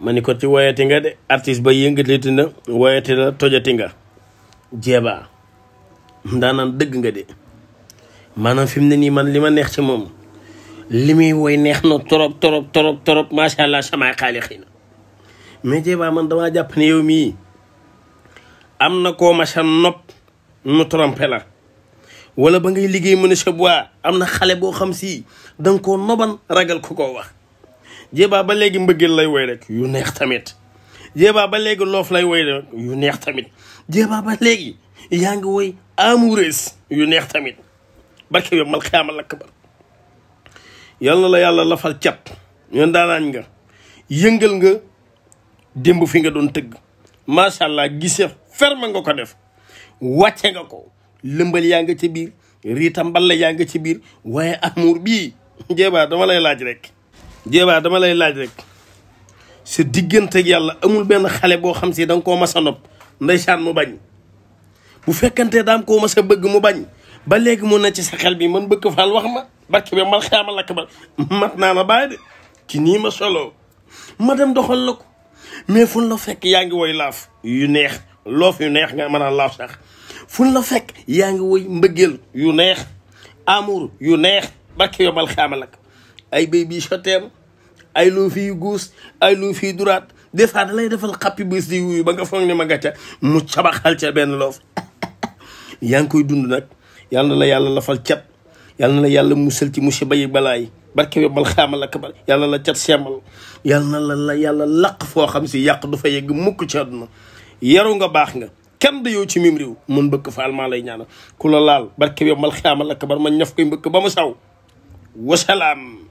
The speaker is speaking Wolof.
ma ni ko ci woyati nga de artiste ba yëngaliti na woyati la tojati nga jeebaa daanaan dëgg nga de maanaam fi mu ne nii man li ma neex ci moom li muy woy neex na trop trop trop trop macha allah samay xaali xëy na man dama jàpp ne yow mii am na ko macha nopp mu trompé la wala ba ngay liggéey mu ne sa am na xale boo xam si danga ko noban ragal ko wax jéebaa ba léegi mbëggeel lay woy rek yu neex tamit jéebaa ba léegi loof lay woy yu neex tamit jéebaa ba léegi yaa ngi woy amoureuse yu neex tamit barke yo mal xaama lakk bar yàlla la yàlla lafal cat yoon daanaañ nga yëngal nga démb fi nga doon tëgg macha allah gisee ferme nga ko def wàcce nga ko lëmbal yaa nga ci biir riita mballa yaa nga ci biir waaye amour bii jeebaa dama lay laaj rek jéebaa dama lay laaj rek sa diggante yàlla amul benn xale boo xam si danga koo mas a nopp ndeysaan mu bañ bu fekkante daam koo mas a bëgg mu bañ ba léegi mu ne ci sa xel bi man bëgg faal wax ma barke bi man xaama lakk ba mat naa la bàyyi ci nii ma solo ma dem doxal mais fun la fekk yaa ngi woy laaf yu neex loof yu neex nga mën a laaf sax fun la fekk yaa ngi woy mbëggeel yu neex amour yu neex barke yombal xaamal ak ay béy bii soteem ay loo fii guus ay loo fii duraat des fois lay defal xappi bés di wuyu ba nga foog ne ma ca mu cabaxal ca benn loo yaa ngi koy dund nag yàlla na la yàlla lafal cat yàlla na la yàlla musal ci musiba yi balaa yi barke yombal xaamal ak yàlla la cat semal yàlla na la yàlla laq foo xam si yàq du fa yegg mukk ci àdduna yaru nga baax nga kenn da yow ci mim réew mën mbëkk faal lay ñaanal ku la laal barke yombal xaamal ak bar ma ñaf koy mbëkk ba mu saw wasalaam